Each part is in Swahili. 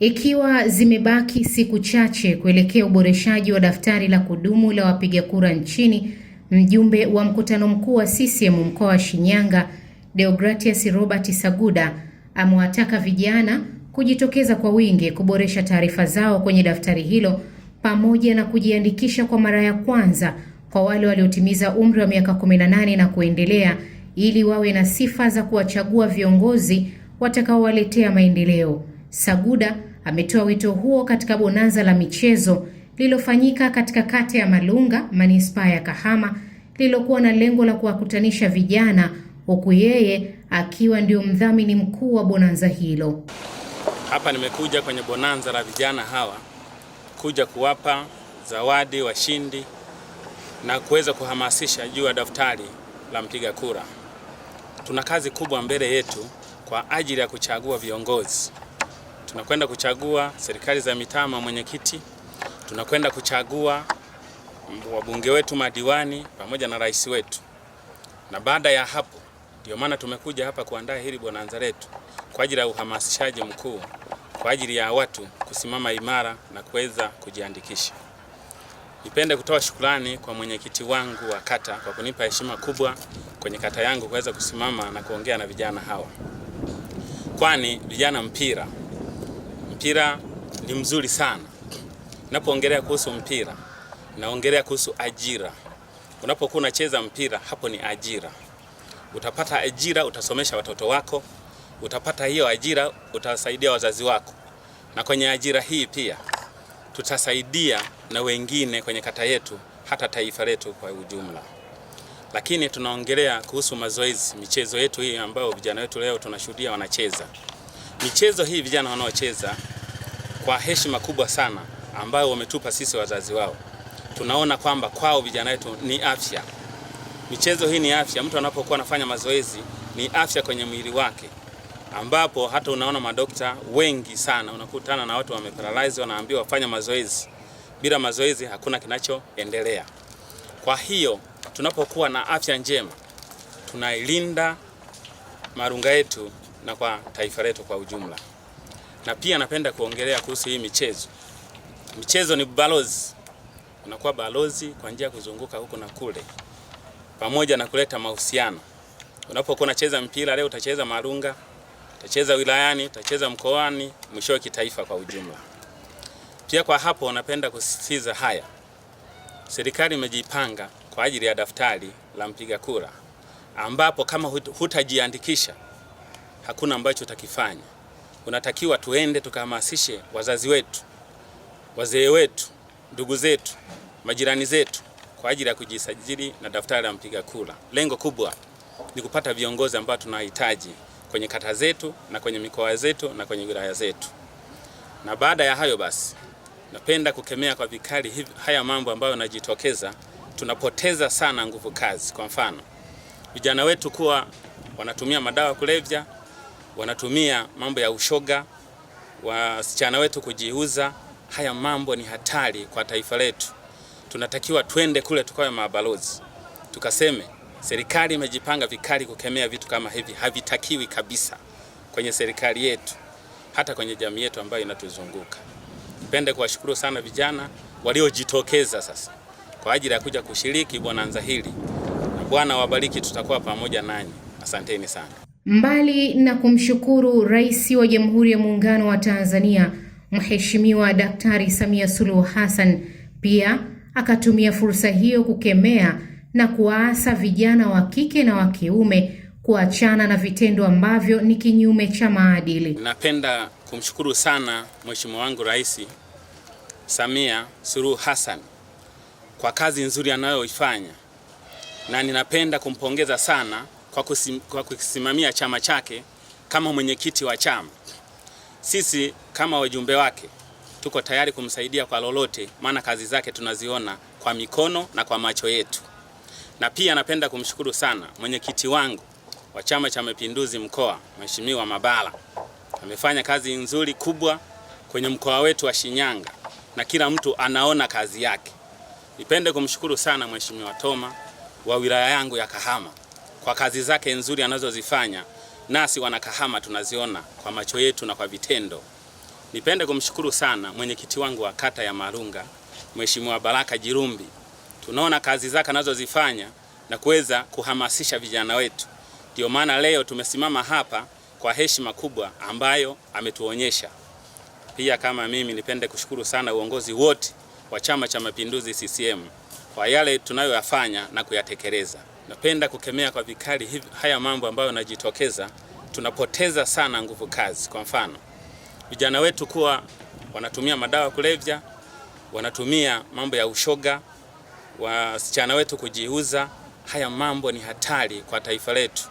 Ikiwa zimebaki siku chache kuelekea uboreshaji wa daftari la kudumu la wapiga kura nchini, mjumbe wa mkutano mkuu wa CCM mkoa wa Shinyanga, Deogratius Robert Saguda amewataka vijana kujitokeza kwa wingi kuboresha taarifa zao kwenye daftari hilo pamoja na kujiandikisha kwa mara ya kwanza kwa wale waliotimiza umri wa miaka 18 na kuendelea ili wawe na sifa za kuwachagua viongozi watakaowaletea maendeleo. Saguda Ametoa wito huo katika bonanza la michezo lililofanyika katika kata ya Malunga, manispaa ya Kahama, lililokuwa na lengo la kuwakutanisha vijana, huku yeye akiwa ndio mdhamini mkuu wa bonanza hilo. Hapa nimekuja kwenye bonanza la vijana hawa kuja kuwapa zawadi washindi na kuweza kuhamasisha juu ya daftari la mpiga kura. Tuna kazi kubwa mbele yetu kwa ajili ya kuchagua viongozi tunakwenda kuchagua serikali za mitaa, mwenyekiti, tunakwenda kuchagua wabunge wetu, madiwani pamoja na rais wetu, na baada ya hapo ndio maana tumekuja hapa kuandaa hili bonanza letu kwa ajili ya uhamasishaji mkuu kwa ajili ya watu kusimama imara na kuweza kujiandikisha. Nipende kutoa shukrani kwa mwenyekiti wangu wa kata kwa kunipa heshima kubwa kwenye kata yangu kuweza kusimama na kuongea na vijana hawa, kwani vijana mpira mpira ni mzuri sana. Napoongelea kuhusu mpira, naongelea kuhusu ajira. Unapokuwa unacheza mpira, hapo ni ajira. Utapata ajira, utasomesha watoto wako, utapata hiyo ajira, utasaidia wazazi wako, na kwenye ajira hii pia tutasaidia na wengine kwenye kata yetu, hata taifa letu kwa ujumla. Lakini tunaongelea kuhusu mazoezi, michezo yetu hii ambayo vijana wetu leo tunashuhudia wanacheza michezo hii vijana wanaocheza kwa heshima kubwa sana ambayo wametupa sisi wazazi wao, tunaona kwamba kwao vijana wetu ni afya. Michezo hii ni afya. Mtu anapokuwa anafanya mazoezi ni afya kwenye mwili wake, ambapo hata unaona madokta wengi sana unakutana na watu wameparalyze, wanaambiwa wafanya mazoezi. Bila mazoezi hakuna kinachoendelea. Kwa hiyo tunapokuwa na afya njema tunailinda marunga yetu na kwa taifa letu kwa ujumla. Na pia napenda kuongelea kuhusu hii michezo. Michezo ni balozi, unakuwa balozi kwa njia ya kuzunguka huko na kule, pamoja na kuleta mahusiano. Unapokuwa unacheza mpira leo, utacheza Marunga, utacheza wilayani, utacheza mkoani, mwisho kitaifa kwa ujumla. Pia kwa hapo napenda kusisitiza haya, serikali imejipanga kwa ajili ya daftari la mpiga kura, ambapo kama hutajiandikisha hakuna ambacho utakifanya. Unatakiwa tuende tukahamasishe wazazi wetu, wazee wetu, ndugu zetu, majirani zetu kwa ajili ya kujisajili na daftari la mpiga kura. Lengo kubwa ni kupata viongozi ambao tunahitaji kwenye kata zetu na kwenye mikoa zetu na kwenye wilaya zetu. Na baada ya hayo basi, napenda kukemea kwa vikali hivi haya mambo ambayo yanajitokeza. Tunapoteza sana nguvu kazi. Kwa mfano, vijana wetu kuwa wanatumia madawa kulevya wanatumia mambo ya ushoga, wasichana wetu kujiuza. Haya mambo ni hatari kwa taifa letu. Tunatakiwa twende kule tukawe mabalozi, tukaseme serikali imejipanga vikali kukemea vitu kama hivi, havitakiwi kabisa kwenye serikali yetu, hata kwenye jamii yetu ambayo inatuzunguka. Nipende kuwashukuru sana vijana waliojitokeza sasa kwa ajili ya kuja kushiriki bonanza hili. Bwana wabariki, tutakuwa pamoja nanyi. Asanteni sana. Mbali na kumshukuru Rais wa Jamhuri ya Muungano wa Tanzania Mheshimiwa Daktari Samia Suluhu Hassan, pia akatumia fursa hiyo kukemea na kuwaasa vijana wa kike na wa kiume kuachana na vitendo ambavyo ni kinyume cha maadili. Napenda kumshukuru sana Mheshimiwa wangu Rais Samia Suluhu Hassan kwa kazi nzuri anayoifanya na ninapenda kumpongeza sana kwa, kusim, kwa kusimamia chama chake kama mwenyekiti wa chama. Sisi kama wajumbe wake tuko tayari kumsaidia kwa lolote, maana kazi zake tunaziona kwa mikono na kwa macho yetu. Na pia napenda kumshukuru sana mwenyekiti wangu wa Chama cha Mapinduzi mkoa, Mheshimiwa Mabala. Amefanya kazi nzuri kubwa kwenye mkoa wetu wa Shinyanga na kila mtu anaona kazi yake. Nipende kumshukuru sana Mheshimiwa Toma wa wilaya yangu ya Kahama kwa kazi zake nzuri anazozifanya, nasi wanakahama tunaziona kwa macho yetu na kwa vitendo. Nipende kumshukuru sana mwenyekiti wangu wa kata ya Marunga, Mheshimiwa Baraka Jirumbi. Tunaona kazi zake anazozifanya na kuweza kuhamasisha vijana wetu, ndio maana leo tumesimama hapa kwa heshima kubwa ambayo ametuonyesha. Pia kama mimi nipende kushukuru sana uongozi wote wa Chama cha Mapinduzi CCM kwa yale tunayoyafanya na kuyatekeleza. Napenda kukemea kwa vikali hivi, haya mambo ambayo yanajitokeza. Tunapoteza sana nguvu kazi. Kwa mfano, vijana wetu kuwa wanatumia madawa kulevya, wanatumia mambo ya ushoga, wasichana wetu kujiuza. Haya mambo ni hatari kwa taifa letu.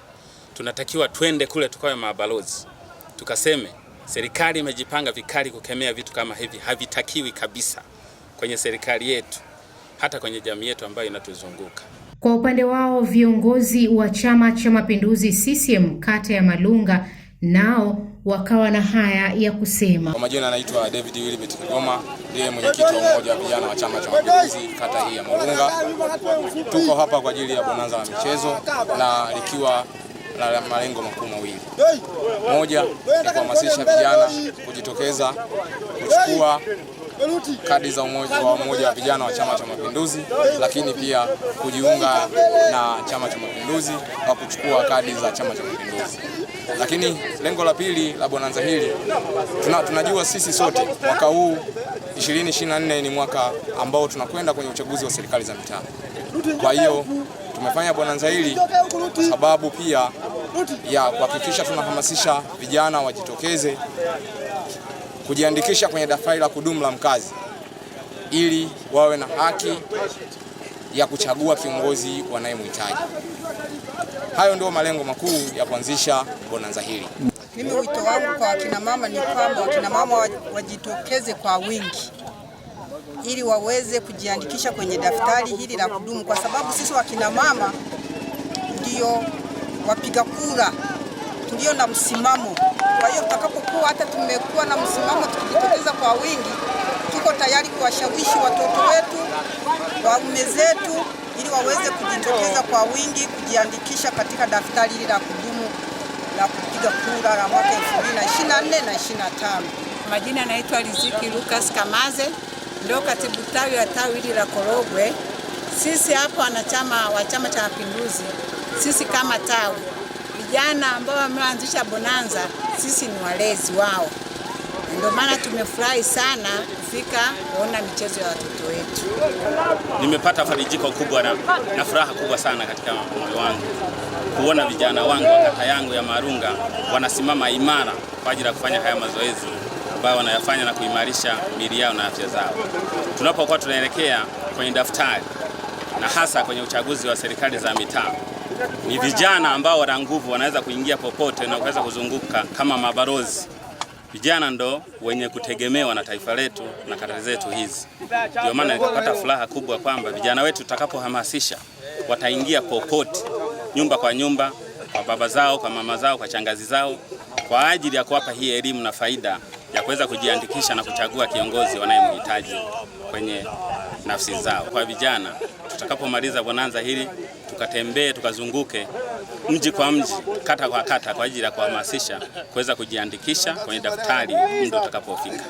Tunatakiwa twende kule tukawe mabalozi, tukaseme serikali imejipanga vikali kukemea vitu kama hivi, havitakiwi kabisa kwenye serikali yetu, hata kwenye jamii yetu ambayo inatuzunguka. Kwa upande wao viongozi wa Chama cha Mapinduzi CCM kata ya Malunga nao wakawa na haya ya kusema. Kwa majina anaitwa David Wilbert Kigoma, ndiye mwenyekiti wa umoja wa vijana wa Chama cha Mapinduzi kata hii ya Malunga. Tuko hapa kwa ajili ya bonanza la michezo na likiwa na malengo makuu mawili. Moja ni kuhamasisha vijana kujitokeza kuchukua kadi za umoja wa umoja wa vijana wa Chama cha Mapinduzi, lakini pia kujiunga na Chama cha Mapinduzi kwa kuchukua kadi za Chama cha Mapinduzi. Lakini lengo la pili la bonanza hili tuna, tunajua sisi sote mwaka huu 2024 ni mwaka ambao tunakwenda kwenye uchaguzi wa serikali za mitaa. Kwa hiyo tumefanya bonanza hili kwa sababu pia ya kuhakikisha tunahamasisha vijana wajitokeze kujiandikisha kwenye daftari la kudumu la mkazi ili wawe na haki ya kuchagua kiongozi wanayemhitaji. Hayo ndio malengo makuu ya kuanzisha bonanza hili. Mimi wito wangu kwa wakina mama ni kwamba wakina mama wajitokeze kwa wingi ili waweze kujiandikisha kwenye daftari hili la kudumu, kwa sababu sisi wakina mama ndio wapiga kura tulio na msimamo. Kwa hiyo tutakapokuwa hata tumekuwa na msimamo tukijitokeza kwa wingi, tuko tayari kuwashawishi watoto wetu, waume zetu, ili waweze kujitokeza kwa wingi kujiandikisha katika daftari hili la kudumu la kupiga kura la mwaka 2024 na 25. Majina naitwa Riziki Lucas Kamaze, ndio katibu tawi ya tawi hili la Korogwe. Sisi hapa wanachama wa Chama cha Mapinduzi, sisi kama tawi, vijana ambao wameanzisha bonanza sisi ni walezi wao, ndio maana tumefurahi sana kufika kuona michezo ya watoto wetu. Nimepata farijiko kubwa na, na furaha kubwa sana katika moyo wangu kuona vijana wangu wa kata yangu ya Marunga wanasimama imara kwa ajili ya kufanya haya mazoezi ambayo wanayafanya na kuimarisha miili yao na afya zao. Tunapokuwa tunaelekea kwenye daftari na hasa kwenye uchaguzi wa serikali za mitaa ni vijana ambao wana nguvu, wanaweza kuingia popote na kuweza kuzunguka kama mabalozi. Vijana ndo wenye kutegemewa na taifa letu na kata zetu hizi. Ndio maana nikapata furaha kubwa kwamba vijana wetu tutakapohamasisha, wataingia popote, nyumba kwa nyumba, kwa baba zao, kwa mama zao, kwa changazi zao, kwa ajili ya kuwapa hii elimu na faida ya kuweza kujiandikisha na kuchagua kiongozi wanayemhitaji kwenye nafsi zao. Kwa vijana, tutakapomaliza bonanza hili tukatembee, tukazunguke mji kwa mji, kata kwa kata, kwa ajili ya kuhamasisha kuweza kujiandikisha kwenye daftari mdo utakapofika.